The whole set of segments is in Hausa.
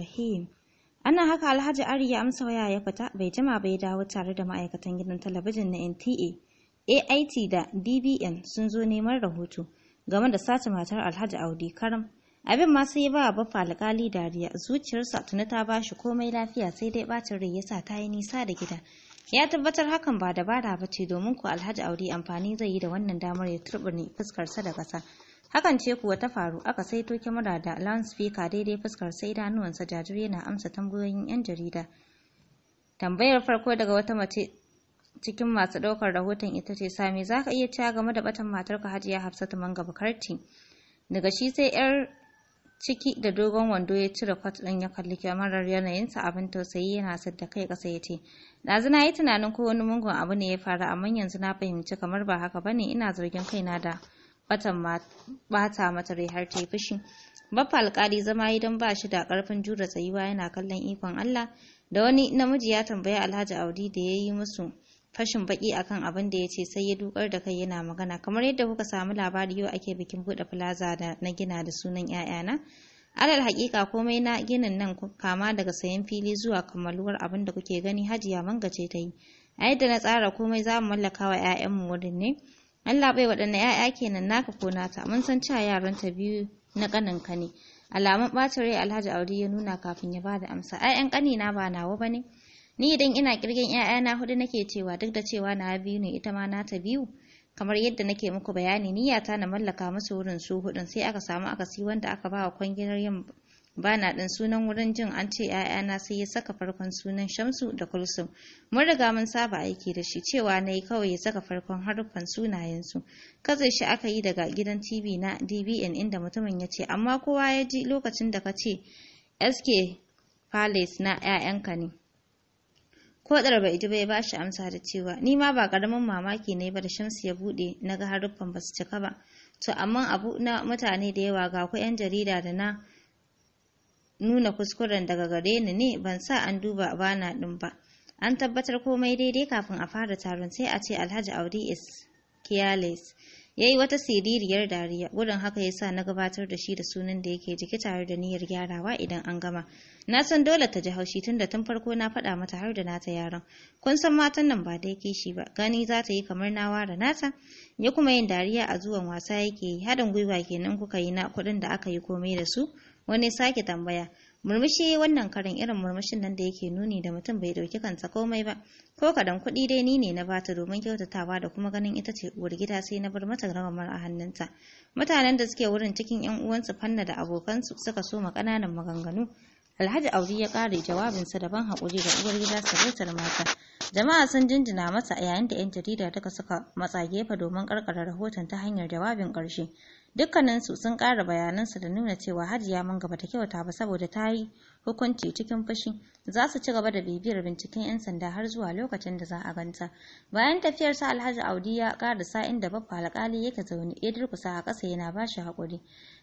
rahim. Ana haka Alhaji Ari ya amsa waya ya fita bai jima bai dawo tare da ma'aikatan gidan talabijin na NTA, AIT da DBN sun zo neman rahoto game da sace matar Alhaji Audi Karam. Abin ma sai ba baffa alkali dariya zuciyarsa tuni ta bashi komai lafiya sai dai bacin rai yasa ta yi nisa da gida. Ya tabbatar hakan ba dabara ba ce domin ko Alhaji Audi amfani zai yi da wannan damar ya turburne fuskarsa da ƙasa. hakan ce kuwa ta faru aka saito kyamara da loudspeaker daidai fuskar sai idanuwansa jajiri yana amsa tambayoyin 'yan jarida tambayar farko daga wata mace cikin masu ɗaukar rahoton ita ce sami za ka iya cewa game da batan matarka hajiya hafsatu manga bukarti daga shi sai yar ciki da dogon wando ya cire kwat ɗin ya kalli kyamarar yanayinsa abin tausayi yana sadda kai kasa ya ce ɗazu na yi tunanin ko wani mungon abu ne ya faru amma yanzu na fahimci kamar ba haka bane ina zargin kaina da bata mata rai har ta yi fushi baffa alkali zama idan ba shi da karfin jura tsayuwa yana kallon ikon Allah da wani namiji ya tambayi Alhaji Audi da ya yi musu fashin baki akan abin da ya ce sai ya dukar da kai yana magana kamar yadda kuka samu labari yau ake bikin bude plaza da na gina da sunan 'ya'yana alal hakika komai na ginin nan kama daga sayan fili zuwa kammaluwar abin da kuke gani hajiya mangace ta yi a yadda na tsara komai za mu mallaka wa 'ya'yanmu wurin ne Allah bai waɗanne 'ya'ya kenan naka ko nata mun san cewa yaran ta biyu na ƙaninka ne alamun ɓacin rai alhaji Audu ya nuna kafin ya bada amsa 'ya'yan na ba nawa ba ne ni idan ina kirgin 'ya'yana hudu nake cewa duk da cewa na biyu ne ita ma nata biyu kamar yadda nake muku bayani niyyata na mallaka musu wurin su huɗun, sai aka samu akasi wanda aka ba wa kwangilar yin Ba na ɗin sunan wurin jin an ce ‘ya'yana sai ya saka farkon sunan Shamsu da Kulsum. Mun riga mun saba aiki da shi cewa na yi kawai ya saka farkon haruffan sunayensu. zai shi aka yi daga gidan TV na DBN inda mutumin ya ce, amma kowa ya ji lokacin da ka ce SK Palace na ‘ya'yanka ne. Ko ba ji bai ba shi amsa da cewa, ni ma ba ƙaramin mamaki ne ba da Shamsu ya buɗe na ga haruffan ba su cika ba. To amma abu na mutane da yawa ga ku ‘yan jarida da na nuna kuskuren daga gare ni ne ban sa an duba bana ɗin ba an tabbatar komai daidai kafin a fara taron sai a ce alhaji audi is Kiales. ya yi wata siririyar dariya gudun haka ya sa na gabatar da shi da sunan da yake jiki tare da niyyar gyarawa idan an gama na san dole ta ji haushi tun da tun farko na faɗa mata har da nata yaron. kun san matan nan ba dai kishi ba gani za ta yi kamar na ware nata ya kuma yin dariya a zuwan wasa yake yi haɗin gwiwa kenan kuka yi na kuɗin da aka yi komai da su wani sake tambaya murmushi wannan karin irin murmushin nan da yake nuni da mutum bai dauki kansa komai ba ko kadan kuɗi dai ni ne na bata domin kyautatawa da kuma ganin ita ce uwar gida sai na bar mata ragamar a hannunta mutanen da suke wurin cikin yan uwansu fanna da abokansu suka soma ƙananan maganganu alhaji auri ya ƙare jawabinsa ban haƙuri ga uwar gida sarautar mata jama'a sun jinjina masa yayin da 'yan jarida duka suka matsa gefe domin karkara rahoton ta hanyar jawabin ƙarshe dukkaninsu sun ƙara bayanansu da nuna cewa hajiya mun gaba ta kyauta ba saboda ta yi hukunci cikin fushi za su ci gaba da bibiyar binciken 'yan sanda har zuwa lokacin da za a ganta bayan tafiyar sa alhaji audi ya sa inda babba alƙali yake zaune ya durkusa a ƙasa yana ba shi haƙuri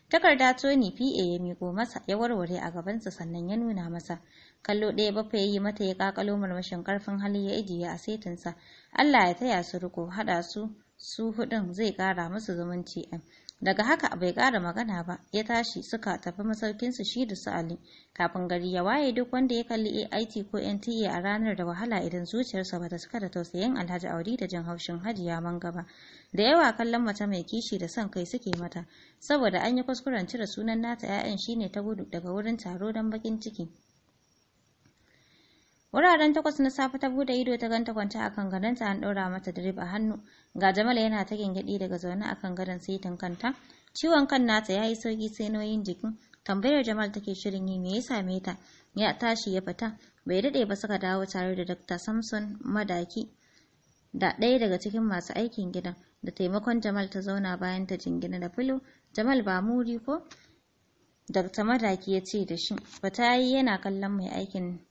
takarda tony pa ya miko masa ya warware a gabansa sannan ya nuna masa kallo ɗaya bafa ya yi mata ya ƙaƙalo murmushin ƙarfin hali ya ijiye a saitinsa. allah ya taya su riko haɗa su su hudun zai kara musu zumunci am daga haka bai kara magana ba ya tashi suka tafi masaukinsu shi da su ali kafin gari ya waye duk wanda ya kalli ait ko nta a ranar da wahala idan zuciyarsa ba ta cika da tausayin alhaji audi da jin haushin hajiya man gaba da yawa kallon mace mai kishi da son kai suke mata saboda an yi kuskuren cire sunan nata 'ya'yan shine ta gudu daga wurin taro don bakin ciki Wuraren takwas na safe ta bude ido ta ganta kwanta akan gadonta an ɗora mata a hannu. Ga Jamal yana ta gyangyaɗi daga zaune a kan gadon sai tankanta. Ciwon kan nata ya yi sauki sai nauyin jikin. Tambayar Jamal take shirin yi me ya same ta? Ya tashi ya fita. Bai daɗe ba suka dawo tare da Dr. Samson Madaki da ɗaya daga cikin masu aikin gidan. Da taimakon Jamal ta zauna bayan ta jingina da filo. Jamal ba muri ko? Dr. Madaki ya ce da shi. ba ta yi yana kallon mai aikin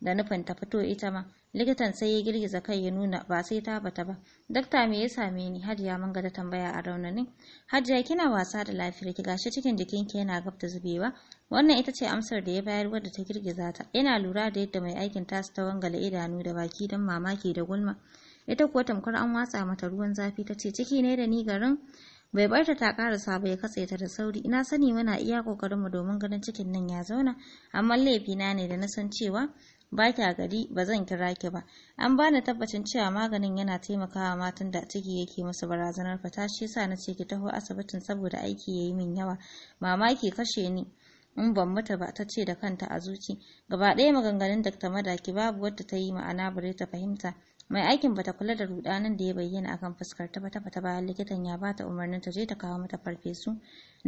da nufin ta fito ita ma likitan sai ya girgiza kai ya nuna ba sai ta bata ba dakta me ya same ni hajiya mun ga ta tambaya a raunanin hajiya kina wasa da lafiyar ki gashi cikin jikin ki yana gab da zubewa wannan ita ce amsar da ya bayar wadda ta girgiza ta ina lura da yadda mai aikin tasu ta wangala idanu da baki don mamaki da gulma ita kuwa tamkar an watsa mata ruwan zafi ta ce ciki ne da ni garin bai barta ta karasa ba ya katse ta da sauri ina sani muna iya kokarin mu domin ganin cikin nan ya zauna amma laifina ne da na san cewa ba kya gari ba zan kira ki ba an bani tabbacin cewa maganin yana taimakawa matan da ciki yake musu barazanar fata shi yasa na ce ki taho asibitin saboda aiki yayi min yawa mamaki kashe ni in ban mutu ba ta ce da kanta a zuci gaba ɗaya maganganun Mada ki. babu wadda ta yi ma'ana bare ta fahimta mai aikin bata kula da rudanin da ya bayyana akan fuskar ta ba ta bayan likitan ya bata umarnin ta je ta kawo mata farfesu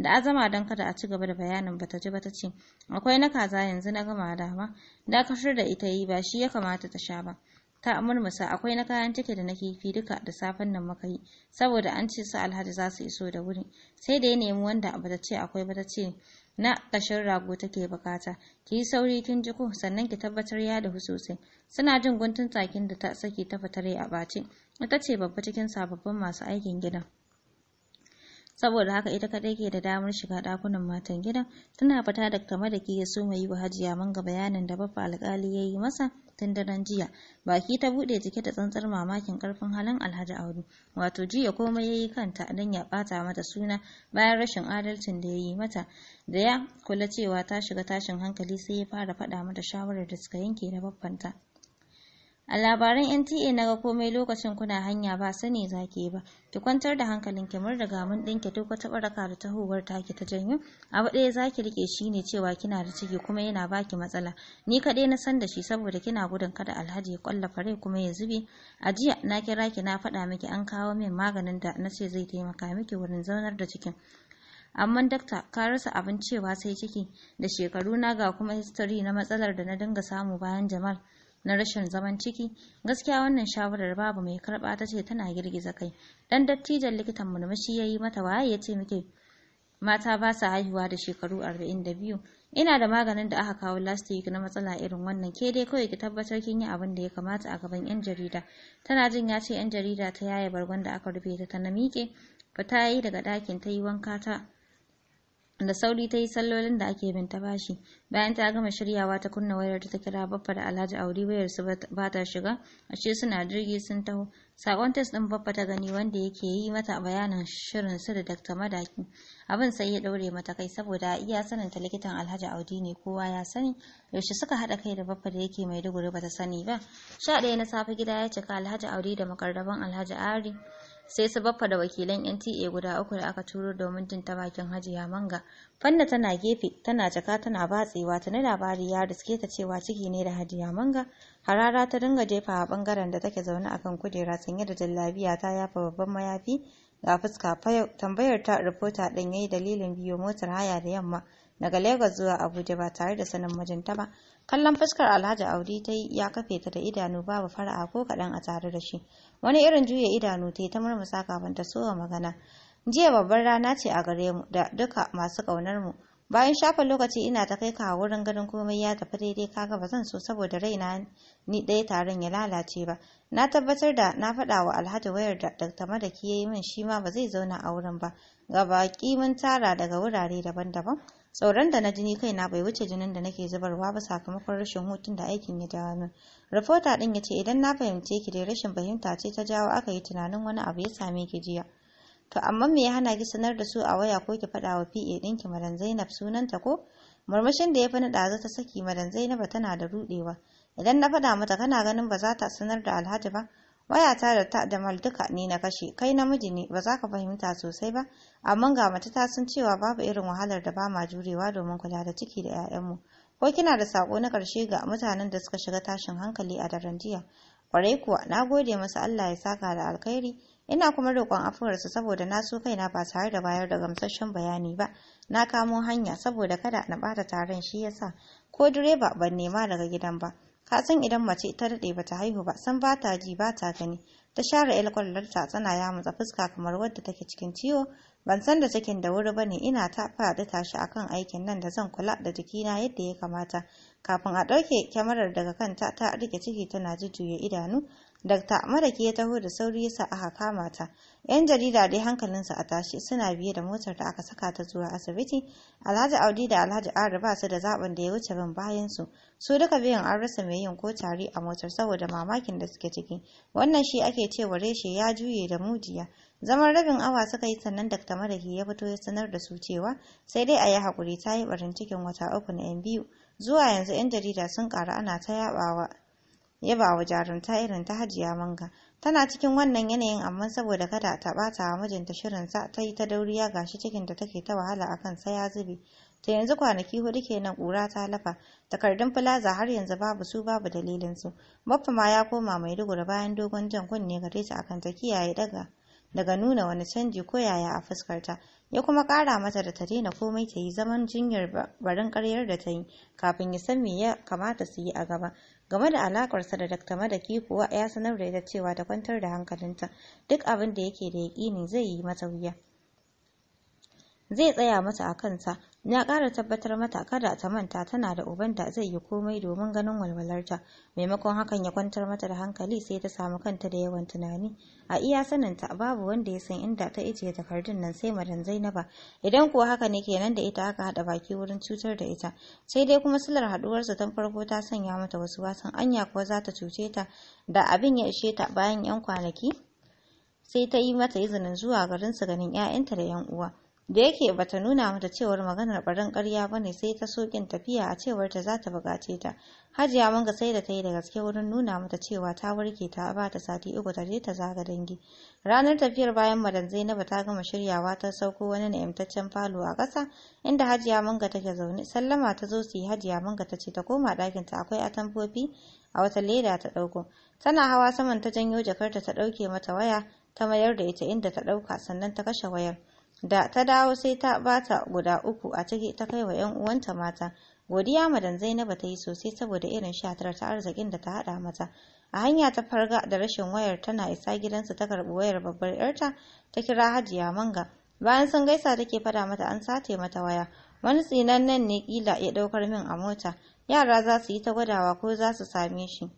da azama don kada a ci gaba da bayanin bata ji bata ce akwai na kaza yanzu na gama dama dakatar da ita yi ba shi ya kamata ta sha ba ta murmusa akwai na kayan cike da na kifi duka da safen nan muka yi saboda an ce su alhaji za su iso da wuri sai da ya nemi wanda bata ce akwai bata ce na kashin rago take bukata ki yi sauri kin ji ku. sannan ki tabbatar ya dahu sosai suna jin guntun takin da ta saki ta fitare a ɓace ita ce babba cikin sababbin masu aikin gidan saboda haka ita kadai ke da damar shiga dakunan matan gidan tana fita da kama da ke so mai yi wa hajiya manga bayanin da bafa alkali ya yi masa tun daren jiya baki ta bude cike da tsantsar mamakin karfin halin alhaji audu wato jiya komai ya yi kanta don ya bata mata suna bayan rashin adalcin da ya yi mata da ya kula cewa ta shiga tashin hankali sai ya fara faɗa mata shawarar da suka yanke da babbanta A labaran NTA na ga komai lokacin kuna hanya ba sani zaki ba. Ki kwantar da hankalin ki da gamun ɗinki duk wata baraka da tahowar taki ta janyo. Abu ɗaya zaki rike shi ne cewa kina da ciki kuma yana baki matsala. Ni kaɗai na san da shi saboda kina gudun kada Alhaji ya kwallafa rai kuma ya zube. A jiya na kira ki na faɗa miki an kawo min maganin da na ce zai taimaka miki wurin zaunar da cikin. amma dakta ka rasa abin cewa sai ciki da shekaru na ga kuma history na matsalar da na dinga samu bayan Jamal na rashin zaman ciki gaskiya wannan shawarar babu mai karɓa ta ce tana girgiza kai dan dattijan likitan murmushi yi mata waye ya ce muke mata ba sa haihuwa da shekaru arba'in da biyu. ina da maganin da aka kawo last week na matsala irin wannan ke dai kawai ki tabbatar kin yi abin da ya kamata a gaban yan jarida tana jin ya ce yan jarida ta yaye bargon da aka rufe ta ta na miƙe fita yi daga ɗakin ta yi wanka ta da sauri ta yi sallolin da ake bin ta bashi bayan ta gama shiryawa ta kunna wayar ta kira baffa da alhaji auri wayar su ba ta shiga ashe suna jirgi sun taho sakon test din baffa ta gani wanda yake yi mata bayanin shirin su da dr madaki abin sai ya daure mata kai saboda iya sanin ta likitan alhaji audi ne kowa ya sani yaushe suka hada kai da baffa da yake mai maiduguri bata sani ba sha ɗaya na safe gida ya cika alhaji audi da makarraban alhaji ari sai su baffa da wakilan NTA guda uku da aka turo domin jin ta bakin Hajiya Manga. Fanna tana gefe, tana jaka tana batsewa, ta na labari ya riske ta cewa ciki ne da Hajiya Manga. Harara ta dinga jefa a bangaren da take zaune a kan kujera sanye da jallabiya ta yafa babban mayafi ga fuska tambayar ta rifota ɗin yayi dalilin biyo motar haya da yamma daga Lagos zuwa Abuja ba tare da sanin mijinta ba. Kallon fuskar Alhaji Audi ta yi ya kafe ta da idanu babu fara'a ko kaɗan a tare da shi. Wani irin juya idanu ta yi ta murmusa kafin ta sowa magana. Jiya babbar rana ce a gare mu da duka masu ƙaunar mu. Bayan shafa lokaci ina ta kai ka wurin ganin komai ya tafi daidai kaga ba zan so saboda raina ni ɗaya taron ya lalace ba. Na tabbatar da na faɗa wa Alhaji wayar da Dr. Madaki ya yi min shi ma ba zai zauna a wurin ba. Ga baƙi mun tara daga wurare daban-daban. Tsoron da na jini kaina bai wuce jinin da nake zubarwa ba sakamakon rashin hutun da aikin ya jawo min. rufota din ya ce idan na fahimce ki dai rashin fahimta ce ta jawo aka yi tunanin wani abu ya same ki jiya. To amma me ya hana ki sanar da su a waya ko ki faɗa wa PA ɗinki Madan Zainab sunanta ko? Murmushin da ya fi na ɗazu ta saki Madan Zainab tana da ruɗewa. Idan na faɗa mata kana ganin ba za ta sanar da Alhaji ba, wayata da ta da mal duka ni na kashe kai namiji ne ba za ka fahimta sosai ba amma ga mace ta sun cewa babu irin wahalar da ba ma jurewa domin kula da ciki da 'ya'yanmu ko kina da sako na karshe ga mutanen da suka shiga tashin hankali a daren jiya kwarai kuwa na gode masa Allah ya saka da alkhairi ina kuma roƙon afuwarsa saboda na so kaina ba tare da bayar da gamsasshen bayani ba na kamo hanya saboda kada na ɓata taron shi yasa ko direba ban nema daga gidan ba ka san idan mace ta daɗe bata haihu ba san ba ta ji ba ta gani ta share ilkwallar ta tsana ya matsa fuska kamar wadda take cikin ciwo ban san da cikin da wuri bane ina ta faɗi tashi akan aikin nan da zan kula da jikina yadda ya kamata kafin a ɗauke kyamarar daga kanta ta rike ciki tana jujjuya idanu Dakta Maraki ya taho da sauri yasa aka kama ta. Yan jarida dai hankalinsu a tashi suna biye da motar da aka saka ta zuwa asibiti. Alhaji Audi da Alhaji Ari ba su da zaben da ya wuce ban bayan su. Su duka biyan an rasa mai yin ko tare a motar saboda mamakin da suke ciki. Wannan shi ake cewa reshe ya juye da mujiya. Zaman rabin awa suka yi sannan Dakta Maraki ya fito ya sanar da su cewa sai dai a yi hakuri ta yi barin cikin wata uku na 'yan biyu. Zuwa yanzu 'yan jarida sun karu ana ta yaɓawa wa jarumta irin ta hajiya manga tana cikin wannan yanayin amma saboda kada ta bata wa mijinta sa ta yi ta dauriya gashi cikin da take ta wahala akan sa ya zube ta yanzu kwanaki hudu kenan kura ta lafa takardun filaza har yanzu babu su babu dalilin su baffa ma ya koma mai rigura bayan dogon jan kunne gare ta akan ta kiyaye daga daga nuna wani canji ko yaya a fuskarta ya kuma kara mata da ta daina komai ta yi zaman jinyar barin karyar da ta yi kafin ya san me ya kamata su yi a gaba game da alakarsa da Dr. Madaki kuwa ya sanar da ita cewa ta kwantar da hankalinta duk abin da yake da yaƙini zai yi mata wuya zai tsaya mata a kansa Na ƙara tabbatar mata kada ta manta tana da uban da zai yi komai domin ganin walwalarta maimakon hakan ya kwantar mata da hankali sai ta samu kanta da yawan tunani a iya saninta babu wanda ya san inda ta ijiye takardun nan sai madan zainaba idan kuwa haka ne kenan da ita aka haɗa baki wurin cutar da ita sai dai kuma silar haɗuwarsa tan farko ta sanya mata wasu wasan anya kuwa za ta cuce ta da abin ya ishe ta bayan 'yan kwanaki sai ta yi mata izinin zuwa garinsu ganin 'ya'yanta da 'yan uwa da yake bata nuna mata cewar maganar barin ƙarya ne sai ta sokin tafiya a cewar ta za ta bukace ta hajiya manga sai da ta yi da gaske wurin nuna mata cewa ta warke ta ba ta sati uku ta je ta zaga dangi ranar tafiyar bayan madan zainaba ta gama shiryawa ta sauko wani na'imtaccen falo a ƙasa inda hajiya manga take zaune sallama ta zo su yi hajiya manga ta ce ta koma ta akwai atamfofi a wata leda ta ɗauko tana hawa saman ta janyo jakarta ta ɗauke mata waya ta mayar da ita inda ta ɗauka sannan ta kashe wayar da ta dawo sai ta bata guda uku a ciki ta kai wa 'yan uwanta mata godiya madan zainaba ta yi sosai saboda irin shatar ta arzikin da ta haɗa mata a hanya ta farga da rashin wayar tana isa gidansu ta karɓi wayar babbar yarta ta kira hajiya manga bayan sun gaisa take faɗa mata an sace mata waya wani tsinannen ne kila ya ɗaukar min a mota yara za su yi ta gwadawa ko za su same shi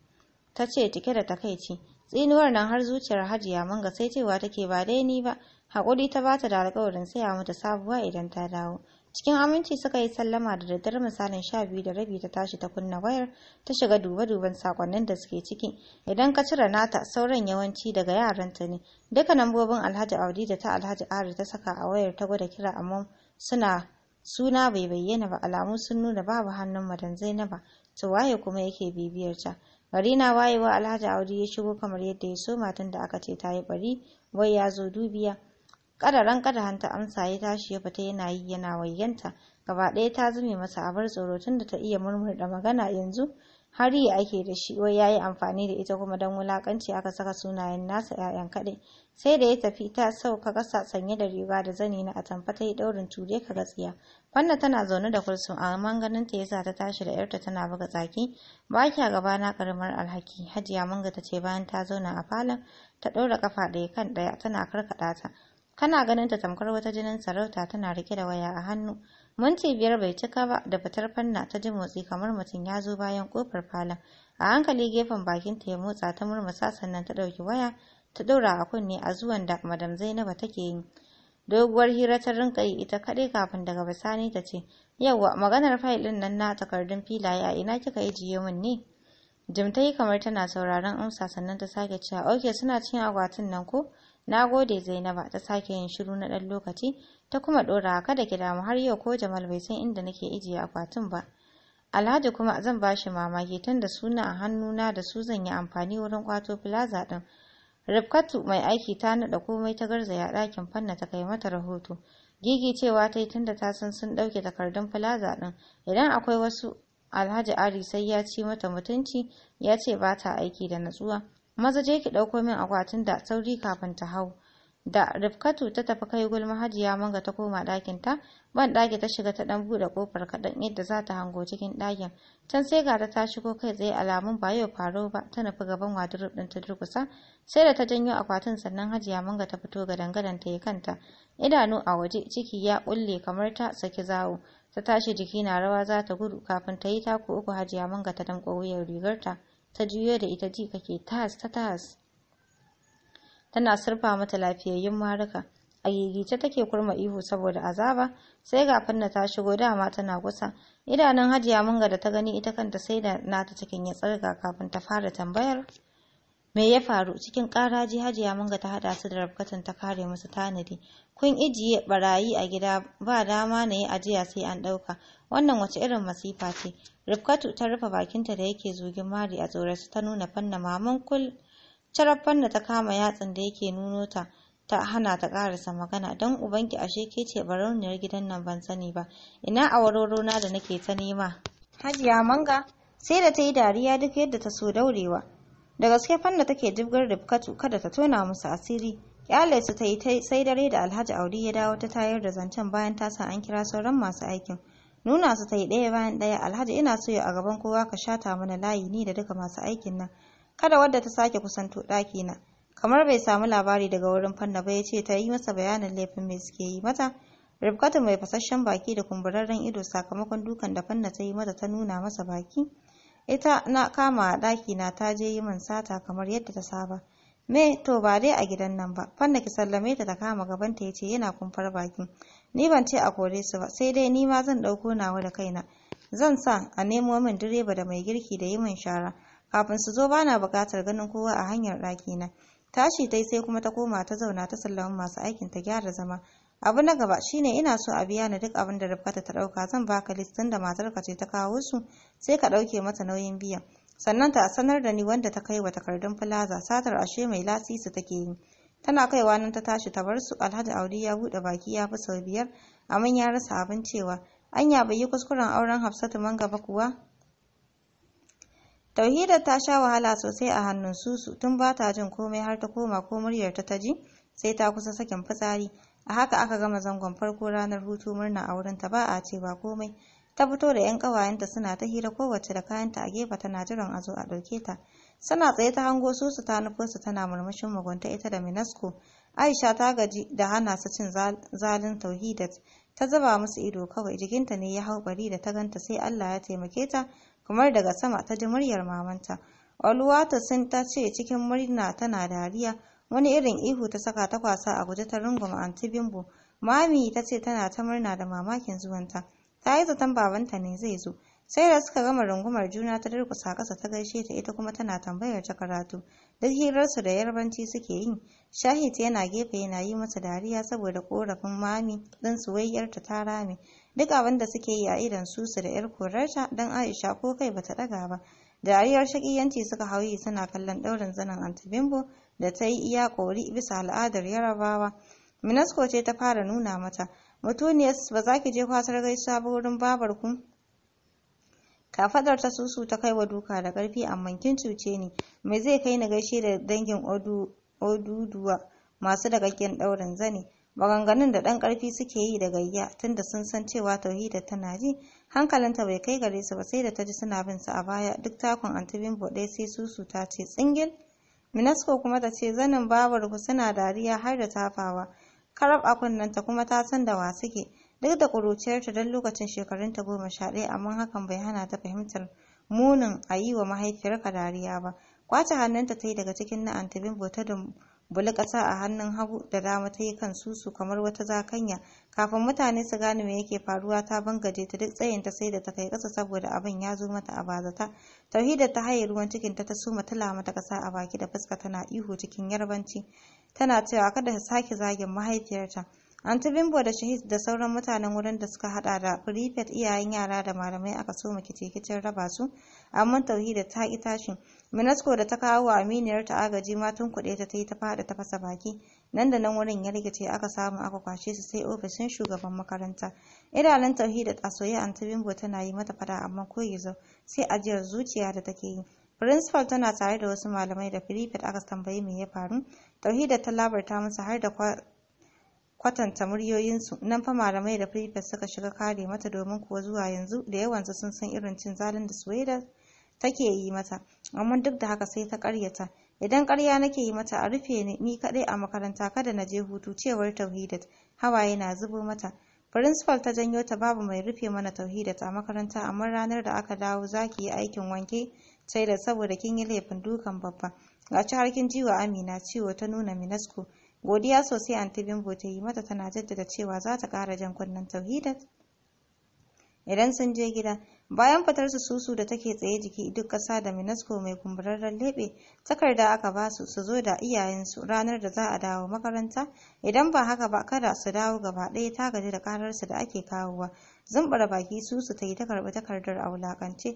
ta ce cike da takaici tsinuwar nan har zuciyar hajiya manga sai cewa take ba dai ni ba hakuri ta bata da alƙawarin saya mata sabuwa idan ta dawo. Cikin aminci suka yi sallama da daddare misalin sha biyu da rabi ta tashi ta kunna wayar ta shiga duba-duban sakonnin da suke ciki. Idan ka cire nata sauran yawanci daga yaranta ne. Duka lambobin Alhaji Audi da ta Alhaji Ari ta saka a wayar ta gwada kira amma suna suna bai bayyana ba alamu sun nuna babu hannun madan Zainaba to waye kuma yake bibiyar ta. Bari na wayewa Alhaji Audi ya shigo kamar yadda ya so matan da aka ce ta yi bari wai ya zo dubiya. Ƙadaran ƙadahan ta amsa ya tashi ya fita yana yi yana wayyanta gaba ɗaya ta zume masa abar tsoro da ta iya murmurda magana yanzu Har hari ake da shi wai yayi amfani da ita kuma dan wulakanci aka saka sunayen nasa 'ya'yan kaɗai sai da ya tafi ta sauka kasa sanye da riga da zani na atamfa ta yi ɗaurin ture ka gatsiya Wannan tana zaune da A man ganin ta yasa ta tashi da yarta tana buga tsaki ba kya gaba na karamar alhaki hajiya manga ta ce bayan ta zauna a falon ta ɗora kafa daya kan ɗaya tana karkaɗa ta kana ganin ta tamkar wata jinin sarauta tana rike da waya a hannu minti biyar bai cika ba da fitar fanna ta ji motsi kamar mutum ya zo bayan kofar falon a hankali gefen bakinta ya motsa ta murmusa sannan ta ɗauki waya ta ɗora a kunne a zuwan da madam zainaba take yi doguwar hira ta rinka yi ita kaɗai kafin daga bisani ta ce yawwa maganar fayil ɗin nan na takardun filaye a ina kika ijiye min ne jim ta yi kamar tana sauraron amsa sannan ta sake cewa oke suna cin akwatin nan ko Na gode Zainaba ta sake yin shiru na ɗan lokaci ta kuma ɗora kada ki damu har yau ko Jamal bai san inda nake ijiye akwatin ba. Alhaji kuma zan bashi mamaki tun da suna a hannuna da su zan yi amfani wurin kwato plaza ɗin. Rifkatu mai aiki ta naɗa komai ta garzaya ɗakin fanna ta kai mata rahoto. Gigi cewa ta yi tun da ta san sun ɗauke takardun plaza ɗin. Idan akwai wasu Alhaji Ari sai ya ci mata mutunci ya ce ba ta aiki da natsuwa. maza je ki ɗauko min akwatin da sauri kafin ta hau da rifkatu ta tafi kai gulma hajiya manga ta koma ɗakin ta ban ɗaki ta shiga ta ɗan buɗe kofar kaɗan yadda za ta hango cikin ɗakin can sai gata ta shigo kai tsaye alamun ba yau faro ba ta nufi gaban wadurup ɗin ta durkusa sai da ta janyo akwatin sannan hajiya manga ta fito ga dangaren ta yi kanta idanu a waje ciki ya ƙulle kamar ta saki zawo ta tashi jiki na rawa za ta gudu kafin ta yi taku uku hajiya manga ta damƙo wuyan rigarta ta juyo da ita ji kake tas ta tas tana surfa mata lafiyayyun maruka a gigice take kurma ihu saboda azaba sai ga fanna ta shigo dama tana kusa idanun hajiya munga da ta gani ita kanta sai da nata cikin ya tsarga kafin ta fara tambayar Me ya faru? Cikin ƙaraji Hajiya Manga ta haɗa su da rabkatan ta kare musu tanadi. Kun ijiye barayi a gida ba dama na yi ajiya sai an ɗauka. Wannan wace irin masifa ce? Rifkatu ta rufe bakinta da yake zugin mari a su ta nuna fanna maman kul. Carar ta kama yatsin da yake nuno ta. ta hana ta karasa magana Dan ubanki ashe ke ce barauniyar gidan nan ban sani ba ina awaroro na da nake ta nema hajiya manga sai da ta yi dariya duk yadda ta so daurewa da gaske Fanda take jibgar rifkatu kada ta tona musu asiri kyale su ta yi sai dare da alhaji audi ya dawo ta tayar da zancen bayan ta sa an kira sauran masu aikin nuna su ta yi ɗaya bayan ɗaya alhaji ina so a gaban kowa ka shata mana layi ni da duka masu aikin nan kada wadda ta sake kusanto ɗaki na kamar bai samu labari daga wurin fanna ba ya ce ta yi masa bayanin laifin mai suke yi mata rifkatu mai fasasshen baki da kumburarren ido sakamakon dukan da fanna ta yi mata ta nuna masa baki ita na kama a na ta je yi min sata kamar yadda ta saba me to ba dai a gidan nan ba fanna ki sallame ta ta kama gabanta ya ce yana kumfar baki ni ban ce a kore su ba sai dai ni ma zan ɗauko nawa da kaina zan sa a nemo min direba da mai girki da yi min shara kafin su zo bana bukatar ganin kowa a hanyar na tashi tai sai kuma ta koma ta zauna ta sallama masu aikin ta gyara zama abu na gaba shine ina so a biya ni duk abin da rafkata ta dauka zan baka listin da matarka ce ta kawo su sai ka dauke mata nauyin biyan sannan ta sanar da ni wanda ta kai wa takardun plaza satar ashe mai lasisi take yi tana kaiwa nan ta tashi ta bar su alhaji audi ya bude baki ya fi sau biyar amma ya rasa abin cewa anya bai yi kuskuren auren hafsatu man gaba kuwa tauhida ta sha wahala sosai a hannun susu tun ba ta jin komai har ta koma ko muryarta ta ji sai ta kusa sakin fitsari a haka aka gama zangon farko ranar hutu murna a wurinta ba a cewa komai ta fito da 'yan ƙawayenta suna ta hira kowace da kayanta a gefe tana jiran a zo a ɗauke ta suna tsaye ta hango susu ta nufo su tana murmushin mugunta ita da minasko aisha ta gaji da hana su cin zalin tauhidat ta zuba musu ido kawai jikinta ne ya hau bari da ta ganta sai allah ya taimake ta kamar daga sama ta ji muryar mamanta oluwatosin ta ce cikin murna tana dariya wani irin ihu ta saka ta kwasa a guje ta runguma anti bimbo mami ta ce tana ta murna da mamakin zuwanta ta yi zaton babanta ne zai zo sai da suka gama rungumar juna ta durkusa ƙasa ta gaishe ta ita kuma tana tambayar ta karatu duk hirarsu da yarbanci suke yi shahid yana gefe yana yi masa dariya saboda korafin mami ɗin suwayyarta ta rame duk abin da suke yi a idan su da yar korarta don aisha ko kai bata daga ba dariyar shakiyanci suka hauyi suna kallon ɗaurin zanen antibimbo da ta yi iya kori bisa al'adar yarabawa minasko ce ta fara nuna mata mutuniyas ba za ki je kwasar gaisuwa ba wurin babar ku kafadar ta susu ta kai wa duka da karfi amma kin cuce ni me zai kai ni gaishe da dangin oduduwa masu daga kin ɗaurin zane maganganun da ɗan karfi suke yi da gayya tunda sun san cewa tauhida tana ji hankalinta bai kai gare su ba sai da ta ji suna bin su a baya duk takon antibin bodai sai susu ta ce tsingil minasco kuma ta ce zanin babarku suna dariya har da tafawa. Karab a kunnenta kuma ta san da wa suke. Duk da ƙuruciyarta don lokacin shekarunta goma sha ɗaya amma hakan bai hana ta fahimtar munin a yi wa mahaifiyarka dariya ba. Kwace hannunta ta yi daga cikin na antibin bota da buli ƙasa a hannun hagu da dama ta yi kan susu kamar wata zakanya kafin mutane su gane me yake faruwa ta bangaje ta duk tsayin ta sai da ta kai ƙasa saboda abin ya zo mata a bazata tauhida ta haye ruwan cikin ta ta suma tula mata kasa a baki da fuska tana ihu cikin yarbanci tana cewa kada ta sake zagin mahaifiyarta an anti bimbo da shahid da sauran mutanen wurin da suka hada da prefect iyayen yara da malamai aka so mu kice raba su amma tauhida ta ki tashi minasco da ta kawo wa aminiyar ta agaji ma tun kuɗe ta yi ta fada ta fasa baki nan da nan wurin ya rikice aka samu aka kwashe su sai ofishin shugaban makaranta idanun tauhidat a soye an ta bimbo tana yi mata fada amma ko gizo sai ajiyar zuciya da take yi principal tana tare da wasu malamai da firifet aka tambayi me ya faru tauhidat ta labarta musu har da kwatanta muryoyinsu nan fa malamai da firifet suka shiga kare mata domin kuwa zuwa yanzu da yawansu sun san irin cin zalin da suwaida take yi mata amma duk da haka sai ta karyata idan ƙarya nake yi mata a rufe ni ni kaɗai a makaranta kada na je hutu cewar tauhidat hawaye na zubo mata firinsifal ta janyo ta babu mai rufe mana tauhidat a makaranta amma ranar da aka dawo za ki yi aikin wanke tailor saboda kin yi laifin dukan babba ga ci har kin jiwa amina ciwo ta nuna minasco godiya sosai anti bimbo ta yi mata tana jaddada cewa za ta ƙara jan kunnen tauhidat idan sun je gida bayan fitar su susu da take tsaye jiki duk ƙasa da minasko mai kumburarren leɓe takarda aka ba su su zo da iyayensu ranar da za a dawo makaranta idan ba haka ba kada su dawo gaba ɗaya ta gaji da ƙararsu da ake kawowa zumbura baki susu ta yi ta karɓi takardar a wulakance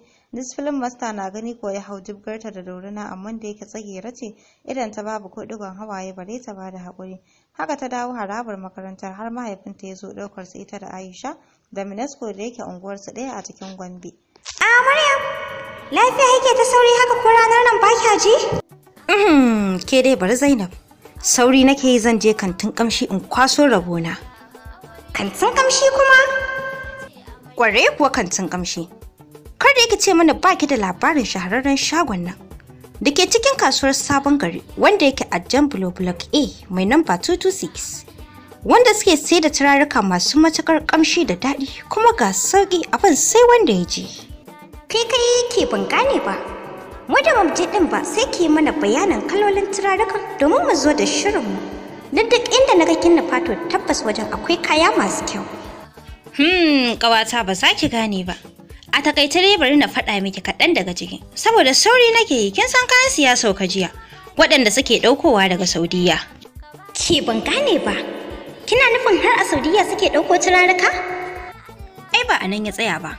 film master na gani ko ya hau jibgarta da doruna, amma da yake tsagera ce idan ta babu ko hawaye bare ta ba da haƙuri haka ta dawo harabar makarantar har mahaifinta ya zo ɗaukar su ita da aisha da Minesco da yake unguwarsu ɗaya a cikin Gombe. A Maryam, lafiya yake ta sauri haka ko ranar nan ba kya ji? Mm-hmm, ke dai bari Zainab. Sauri nake yi zan je kantin kamshi in kwaso rabona. Kantin kamshi kuma? Kware kuwa kantin kamshi. Kar da yake ce mana ba ki da labarin shahararren shagon nan. Da ke cikin kasuwar sabon gari wanda yake a Jan Block A mai namba 226. wanda suke sai da turaruka masu matukar ƙamshi da daɗi kuma ga sauƙi abin sai wanda ya je. Kai kai ke ban gane ba, mu da ɗin ba sai ke mana bayanin kalolin turarukan domin mu zo da shirin mu. Duk duk inda na ga kinna fato tabbas wajen akwai kaya masu kyau. Hmm, ƙawata ba za ki gane ba. A takaice dai bari na faɗa miki kaɗan daga cikin, saboda sauri nake yi kin san kayan siyasa sauka jiya, waɗanda suke ɗaukowa daga Saudiya. Ke ban gane ba, Kina nufin har a Saudiya suke ɗauko turaruka? Ai ba a nan ya tsaya ba.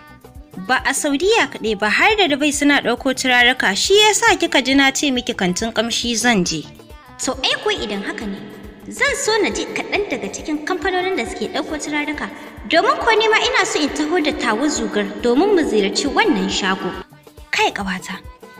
Ba a Saudiya kaɗai ba har da Dubai suna ɗauko turaruka shi ya sa kika ji na ce miki kantin ƙamshi zan je. To ai ko idan haka ne, zan so na je kaɗan daga cikin kamfanonin da suke ɗauko turaruka domin ko nema ina so in taho da tawo zugar domin mu ziyarci wannan shago. Kai ƙawata,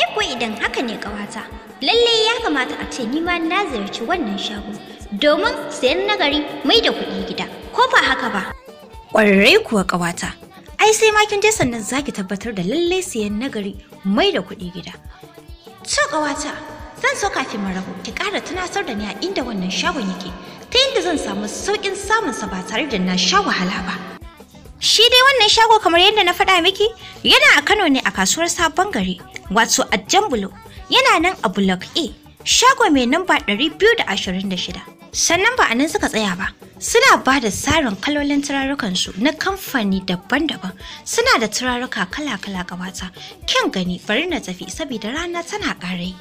ai eh ko idan haka ne ƙawata lalle ya kamata a ce nima na ziyarci wannan shago domin sayan nagari mai da kuɗi gida ko ba haka ba ƙwararrai kuwa ƙawata ai sai ma kin je sannan zaki tabbatar da lalle sayan nagari mai da kuɗi gida to ƙawata zan so kafin mu rabu ki ƙara tunasar da ni a inda wannan shagon yake ta yadda zan samu sauƙin sa ba tare da na sha wahala ba Shi dai wannan shago kamar yadda na faɗa miki yana a Kano ne a kasuwar sabon gari wato a Jambulo yana nan a Block A, shago mai namba 226. Sannan ba a nan suka tsaya ba, suna ba da tsarin kalolin turarukansu na kamfani daban-daban suna da turaruka kala-kala gabata kyan gani bari na tafi saboda rana tana karai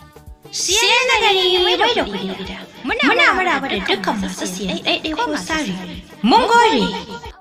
Siyan na gani mai da kuɗi gida, muna muraba da dukkan masu siyan ɗaiɗai ko tsari. Mun gore!